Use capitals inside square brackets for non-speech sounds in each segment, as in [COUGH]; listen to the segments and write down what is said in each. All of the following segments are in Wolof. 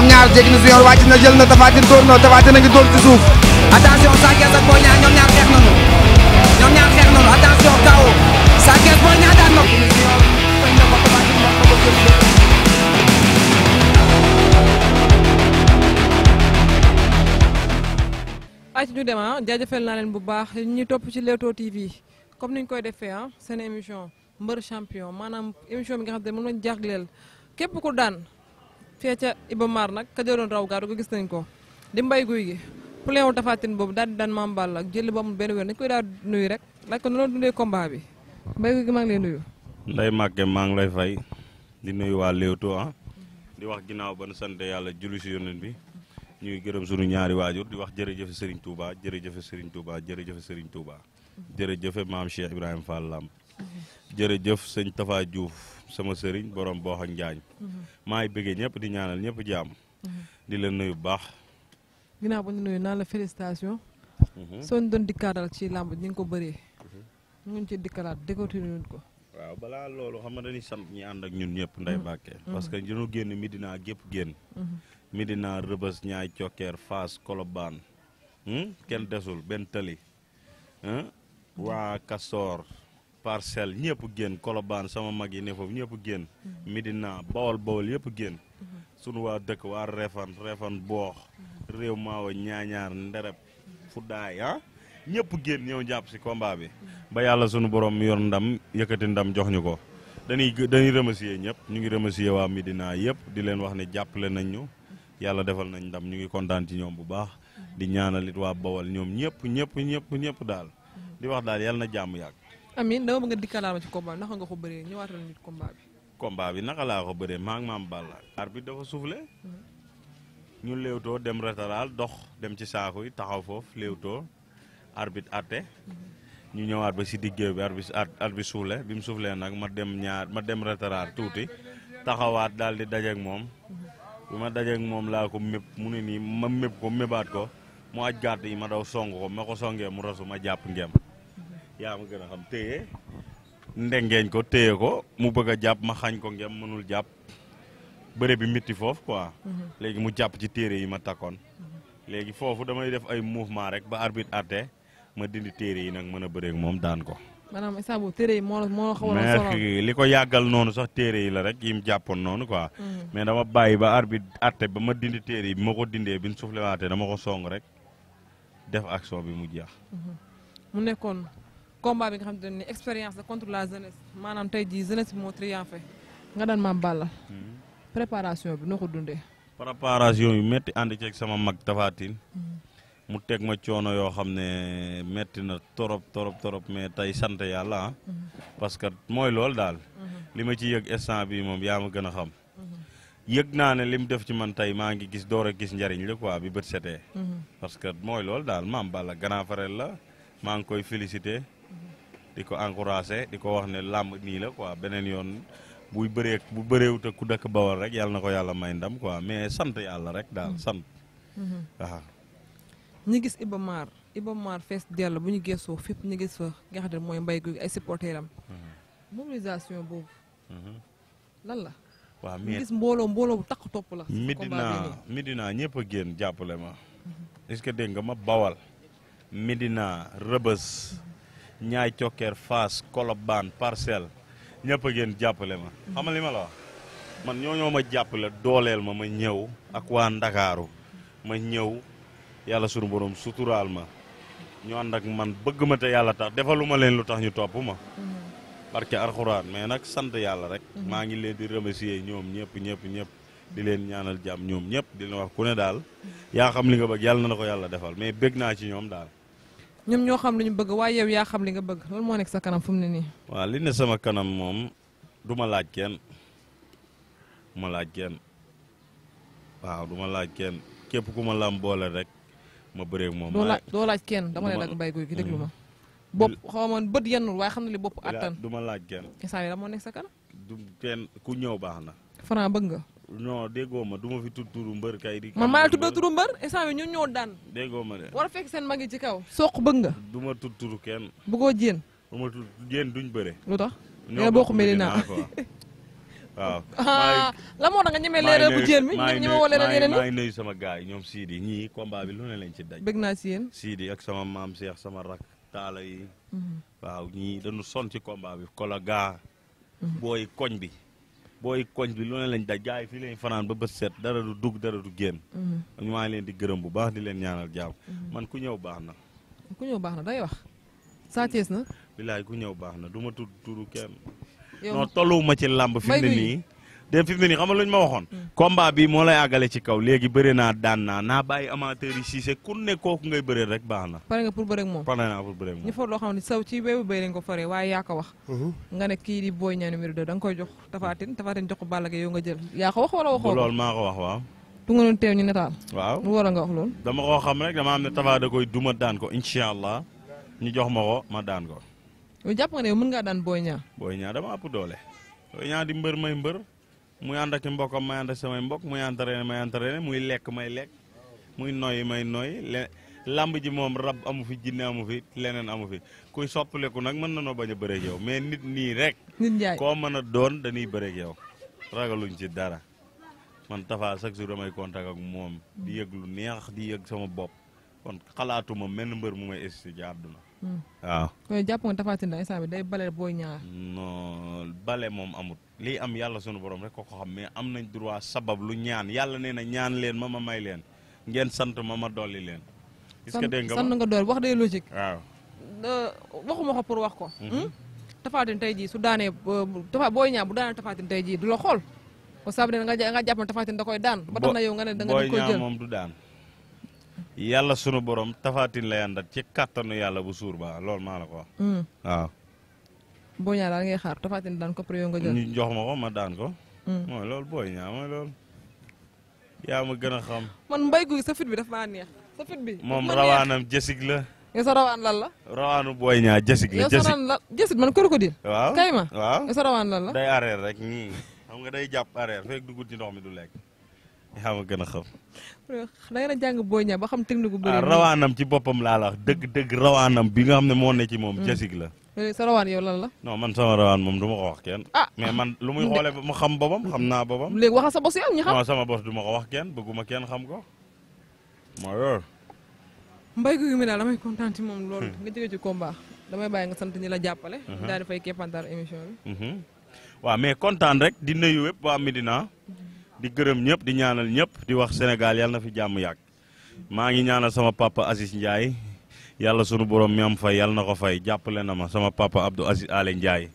ñoom ñaar jéggi na su yor wàcc na jël na Tapha Tine dóor na Tapha Tine ngi dóor ci suuf attention Sa Thiès ak ñoom ñaar xeex nañu ñoom ñaar xeex nañu attention kaw Sa Thiès Boy Niang daan na ay ci ñu dem ah, naa leen bu baax ñi topp ci Leewtoo TV comme niñ koy defee ah seen émission mbër champion maanaam émission bi nga xam te ne moom lañ jagleel képp ku daan fee ca Iba Mar nag ka jëloon raw gaar ko gis nañ ko di mbay guy gi poulain wu tafatin boobu daal di daan Mame Balla ak jëli ba mu benn wér nañ ko daa nuyu rek laaj ko nu loolu dundee combat bi mbay guy gi maa ngi nuyu nday màgge maa ngi lay fay di nuyu waa Leewtoo ah di wax ginnaaw ba nu sant yàlla julli si yonent bi ñuy gërëm suñu ñaari waajur di wax jërëjëfe Serigne Touba jërëjëfe Serigne Touba jërëjëfe Serigne Touba jërëjëfe maam Cheikh Ibrahima Fall Lamb jërëjëf sëñ Tafa Diouf sama sëriñ borom boo xam njaañ maa ngi bëggee ñëpp di ñaanal ñëpp jàmm di leen nuyu baax ginnaaw ba ñu nuyu naan la félicitation mhm. soo doon dikkaatal ci làmb ñi nga ko bëree ñu ngi ci dikkalaat décortiquer ko waaw balaa loolu xam nga dañuy sant ñi ànd ak ñun ñëpp nday mhm. Mbàkke mhm. parce que dañu génn Medina gépp génn Medina Rëbës ñaay cokkeer Fass Colobane hmm? kenn desul benn tëli hmm? waa Kasoor parcelle ñëpp génn kolobaan sama mag yi ne foofu ñëpp génn Medina bawol bawol yëpp génn sunu waa dëkk waa refan refan boox réew maawa ñaañaar ndereb fu daay ah ñëpp génn ñëw jàpp si kombaa bi ba yàlla sunu borom yor ndam yëkkati ndam jox ñu ko dañuy dañuy remercier ñëpp ñu ngi remercier waa Medina yëpp di leen wax ne jàppale nañ ñu yàlla defal nañ ndam ñu ngi kontaan ci ñoom bu baax di ñaanalit waa bawol ñoom ñëpp ñëpp ñëpp ñëpp daal di wax daal yàlla na jàmm yàgg Amin dama bëgg a dikkalaat ma ci combat bi naka nga ko bëree ñëwaatal nit bi. combat bi naka laa ko bëree maa ngi maam Balla. arbitre dafa soufflé. Mhm. ñu léewtoo dem retaraal dox dem ci saaku yi taxaw foofu léewtoo arbitre atte mhm. ñu ñëwaat ba si diggéew bi arbitre arbitre soufflé bi mu soufflé nag ma dem ñaar ma dem retaraal tuuti taxawaat dal di dajeeg moom. Mhm. bi ma dajeeg moom laa ko méb mu ne nii ma méb ko mébaat ko mu aj gàtt yi ma daw song ko ma ko songee mu rasu ma jàpp ngem yaa ma gën a xam téye ndengeeñ ko téye ko mu bëgg a jàpp ma xañ ko ngem mënul jàpp bëre bi métti foofu quoi. Mhm. léegi mu jàpp ci téere yi ma takkoon. Mhm. léegi foofu damay def ay mouvement rek ba arbitre àtte ma dindi téere yi nag mën a bëreeg moom daan ko. maanaam instant boobu moo moo li ko yàggal noonu sax téere yi la rek yi mu jàppoon noonu quoi. Mhm. mais dama bàyyi ba arbitre ba ma dindi yi ma ko dindee bi ñu suuflewaatee dama ko song rek def action bi mu jeex. mu nekkoon combat bi nga xam te ne expérience la contre la jeunesse maanaam tey jii jeunesse bi moo triomphé nga daan maam Balla. Hmm. préparation bi noo ko dundee. préparation yu métti ànd ceg sama mag tafaatin hmm. mu teg ma coono yoo xam ne métti na torop torop torop mais tey sant yàlla ah. Hmm. parce que mooy loolu daal. li ma ci yëg instant bi moom yaa ma gën a xam. yëg naa ne li mu def ci man tey maa ngi gis door a gis njariñ la quoi bi bët setee. parce que mooy loolu daal maam Balla grand la maa ngi koy félicité. di ko encouragé di ko wax ne làmb nii la quoi beneen yoon buy bëree bu bëreewut ak ku dëkk bawal rek yàlla na ko yàlla may ndam quoi mais sant yàlla rek daal mm-hmm. sant. Mm-hmm. ñu gis Iba Mar Iba Mar fees dell bu ñu gëstoo fépp ñu gis fa nga mooy mbay gu ay supporteram mm-hmm. mobilisation boobu. mais mbooloo mbooloo bu takk topp la. Medina Medina ñëpp a génn jàppale ma. est-ce que dégg nga ma bawal. Medina Rëbës. ñaay cokkeer Fass Colobane Parcelles ñëpp a ngeen jàppale ma. xamal ma la wax man ñoo ñoo ma jàppale dooleel ma ma ñëw ak waa Ndakaaru ma ñëw yàlla sunu borom suturaal ma ñu ànd ak man bëgg ma te yàlla tax defaluma leen lu tax ñu topp ma. barke alxuraan mais nag sant yàlla rek. maa ngi leen di remercier ñoom ñëpp ñëpp ñëpp. di leen ñaanal jàmm ñoom ñëpp di leen wax ku ne daal yaa xam li nga bëgg yàlla na la ko yàlla defal mais bëgg naa ci ñoom daal. ñoom ñoo xam lu ñu bëgg waaye yow yaa xam li nga bëgg loolu moo nekk sa kanam fu mu ne nii. waaw li ne sama kanam moom duma laaj kenn ma laaj kenn waaw du laaj kenn képp ku ma lam boole rek ma bëree moom. doo laaj doo laaj kenn dama ne la Mbaye Gouy Gui déglu mm. ma. bopp xaw ma bët yennul waaye xam na li bopp attan. duma laaj kenn. instant yii la moo nekk sa kanam. du kenn ku ñëw baax na. Franc bëgg nga. non déggoo ma du ma fi tudd turu mbër kay. di man maa ngi tudd turu mbër instant bi ñun ñoo daan. déggoo de. war a fekk seen mag yi ci kaw. soq bëgg nga. du ma tudd turu kenn. bëggoo jéen. du ma duñ bëre. lu tax nga bokk Medina [LAUGHS] waaw. Ah, la moo tax nga ñemee leeral bu jéen mi ñeme woo leeral yeneen yi maa ngi sama gaa yi ñoom Sidi ñii combat bi lu ne lañ ci daj. bëgg naa si yéen. ak sama maam seex sama rak taala yi. Mhm. waaw ñii dañu son ci combat bi kola gaa. Mhm. booy koñ bi. booy koñ bi lu ne lañ daj gars fii lañ fanaan ba bët set dara du dugg dara du génn. ñu mhm. maa ngi leen di gërëm bu baax di leen ñaanal jàmm. Mhm. man ku ñëw baax na. ku ñëw baax na day wax. Sa Thiès na. bilaay ku ñëw baax na du ma tudd turu kenn. yow tolluwuma ci làmb fi mu nii. dem fi mu ne nii xam ma waxoon. Mm. combat bi moo lay àggale ci kaw léegi bëre naa daan naa naa bàyyi amateur yi siise ku ne kooku ngay bëree rek baax na. pare nga pour bëre moom pare naa pour bëre moom. ñu for loo xam ne saw ci béy bu béy lañ ko foree waaye yaa ko wax. Mm-hmm. nga ne kii di Boy Niang numéro 2 da nga koy jox Tafatine Tafatine jox ko Balla Gaye yow nga jël yaa ko wax wala waxoo ko. loolu maa ko wax waaw. tu nga doon teew ñu nataal. waaw lu war a nga dama koo xam rek dama am ne Tafa da koy duma daan ko incha allah ñu jox ma ko ma daan ko. yow jàpp nga ne mën ngaa daan Boy Niang. Boy Niang dama ëpp doole. Boy Niang mbër may mbër muy ànd ak i mbokkam may ànd ak samay mbokk muy entraîné may muy lekk may lekk muy noyyi may noyyi le làmb ji moom rab amu fi jinne amu fi leneen amu fi kuy soppaleku nag mën na noo bañ a bëreeg yow mais nit nii rek. nit koo mën a doon dañuy bëreeg yow ragaluñ ci dara man Tafa chaque jour damay contact ak moom di yëg lu neex di yëg sama bopp kon xalaatuma menn mbër mu may esti ci àdduna. Hmm. waaw. jàpp nga Tapha Tine instant bi day bale booy ñaar. man bale moom amut lii am yàlla sunu borom rek ko ko xam mais am nañ droit sabab lu ñaan yàlla nee na ñaan leen ma ma may leen ngeen sant ma ma dolli leen. est-ce que dégg nga sant nga dool wax day logique. waaw euh, waxuma ko pour wax ko. Mhm. Hmm? Tapha Tine tey jii su daanee euh, Tapha Boy Niang bu daanee Tapha tey jii du la xool ko saabu ne nga nga koy daan. ba tax na yow nga ne da nga koy moom du daan. yàlla sunu borom Tapha Tine lay àndat ci kàttanu yàlla bu suur ba lool maa la ko boo ñaa daal ngay xaar Tapha Tine daan ko pour yow nga jox ma ko ma daan ko. Hmm. mooy loolu booy ñaa mooy loolu. yaa ma gën a xam. man mbay guy bi daf maa rawaanam jësig la. la. rawaanu booy ñaa jësig la. la jësig man krokodil. waaw kay ma rek ñii nga day jàpp arrière fekk dugul ci ndox mi du lekk. yaa gën a xam. da ngeen a booy ñaa ba xam technique bu bëri. Ah, rawaanam ci boppam laa dëgg dëgg rawaanam bi nga xam ne moo ne ci moom hmm. jësig la. Eh, sa rawaan yow lan la. non man sama rawaan moom du ko wax kenn. ah mais man lu muy xoolee mu xam boppam xam naa boobam léegi waxal sa bos yow ñu xam. non sama bos du ko wax kenn bëgguma kenn xam ko. mooy loolu. mbay gu mi daal damay kontaan ci hmm. bàyyi nga sant ñi la jàppale. Hmm. daal di fay keppantaar émission hmm. mais kontaan rek di nuyu wépp waa Medina. di gërëm ñëpp di ñaanal ñëpp di wax Sénégal yàlla na fi jàmm yàgg. maa ngi ñaanal sama papa Aziz Ndiaye. yàlla sunu borom mi am fay yàlla na ko fay jàppale na ma sama papa Abdou Aziz Ale Ndiaye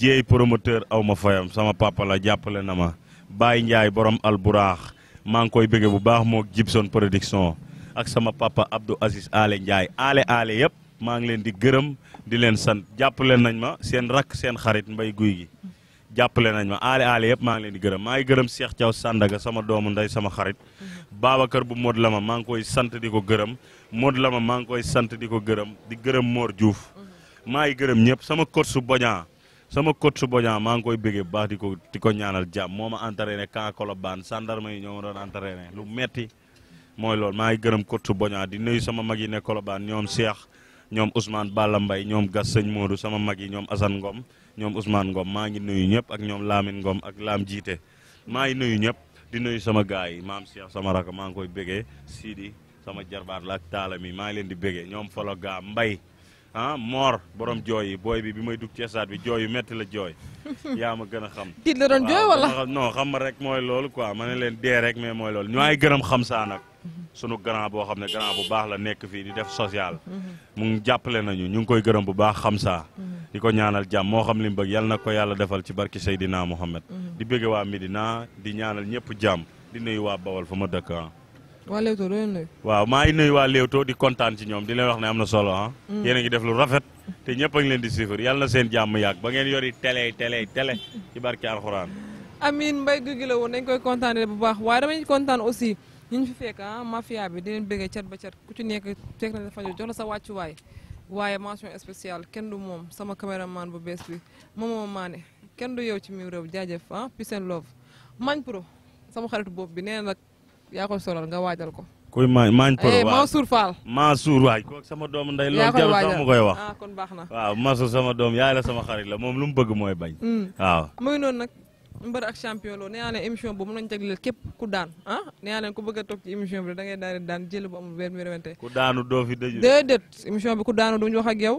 jéey promoteur aw ma fayam sama papa la jàppale na ma Baye Ndiaye borom alburaax maa ngi koy bëgge bu baax moo Gibson production ak sama papa Abdou Aziz Ale Ndiaye ale ale yëpp maa ngi leen di gërëm di leen sant jàppale nañ ma seen rakk seen xarit mbay guy gi jàppale nañ ma aale aale yëpp maa ngi leen di gërëm maa ngi gërëm Cheikh Thiaw Sandaga sama doomu ndey sama xarit mhm. baaba kër bu Mod Lama maa ngi koy sant di ko gërëm Mod Lama maa ngi koy sant di ko gërëm di gërëm moor Diouf mhm. maa ngi gërëm ñëpp sama coach su Boña sama coach Boña maa ngi koy bëggee baax di ko di ko ñaanal jàmm moo ma kaa camp Colobane gendarme yi ñoo ma doon entraîné lu metti mooy loolu maa ngi gërëm coach su Boña di nuyu sama mag yi ne Colobane ñoom Cheikh ñoom Ousmane Balla mbay ñoom Gas Sëñ Modou sama mag yi ñoom Assane Ngom ñoom Ousmane Ngom maa ngi nuyu ñëpp ak ñoom Lamine Ngom ak Lam jiite maa ngi nuyu ñëpp di nuyu sama gaay yi maam Cheikh sama rak maa ngi koy bégee Sidi sama jarbaat la ak taala mi maa ngi leen di bégee ñoom folo gaa mbay ah Mor borom jooy yi booy bi bi may dug ci bi jooy yu métti la jooy yaa ma gën a xam. tiit la doon jooy wala non xam ma rek mooy loolu quoi ma ne leen dee rek mais mooy loolu ñu ay gërëm xam saa nag. sunu grand boo xam ne grand bu baax la nekk fii di def social. Mhm. mu jàppale nañu ñu ngi koy gërëm bu baax xam saa. Mhm. di ko ñaanal jàmm moo xam li mu bëgg yàlla na ko yàlla defal ci barki Seydina Mohamed. Mm-hmm. di bëgg waa Medina di ñaanal ñëpp jàmm di nuyu waa Bawol fa ma dëkk ah. waa Leewtoo doo leen nuyu. waaw maa ngi nuyu waa Leewtoo di kontaan ci ñoom di leen wax ne am na solo ah. Mm. yéen a def lu rafet. te ñëpp a leen di siifar yàlla na seen jàmm yàgg ba ngeen yori télé télé télé ci barki alxuraan. Amin Mbaye Gouy Gui la woon dañ koy kontaanee bu baax waaye dama ñu kontaan aussi ñu ñu fi fekk ah mafia bi di leen bëggee ba cat ku ci nekk fekk na sa wàccuwaay waaye mention spéciale kenn du moom sama caméraman bu bees bi moomoo maane kenn du yow ci mi réew jaajëf ah peace and love mañ pro sama xarit bopp bi nee nag yaa ko solal nga waajal ko. kuy maañ maañ pro eh, waaw Mansour Fall. Mansour waay kooku sama doomu ndey loolu jarul sax mu koy wax ah, kon baax na. waaw Mansour sama doom yaay la sama xarit la moom lu mu bëgg mooy bañ. Mm. waaw noonu nag. mbër ak champion loolu nee naa leen émission boobu mën nañu jagleel képp ku daan ah nee ku bëgg toog ci émission bi da ngay daal daan jël bu amul benn werante ku daanu doo fi dëj déedéet émission bi ku daanu duñu wax ak yow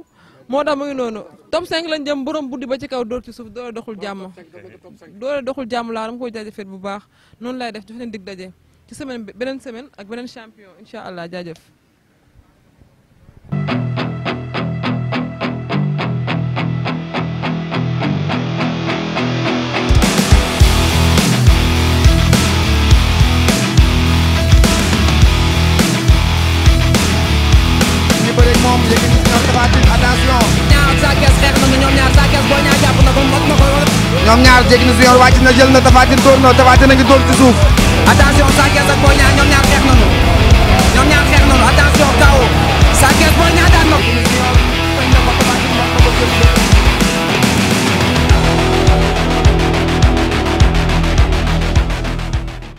moo tax mu ngi noonu top 5 lañ jëm borom buddi ba ci kaw dóor ci suuf doole doxul jàmm doole doxul jàmm laa dama koy jaajëfet bu baax noonu laay def jox leen dig daje ci semaine beneen semaine ak beneen champion incha allah jaajëf ñoom ñaar jéggi na junior wàcc na jël na tafaatin dóor na tafaatin na ngi dóor suuf attention Sa Thiès ñoom ñaar xeex nañu ñoom ñaar xeex nañu attention kaw Sa Thiès daan na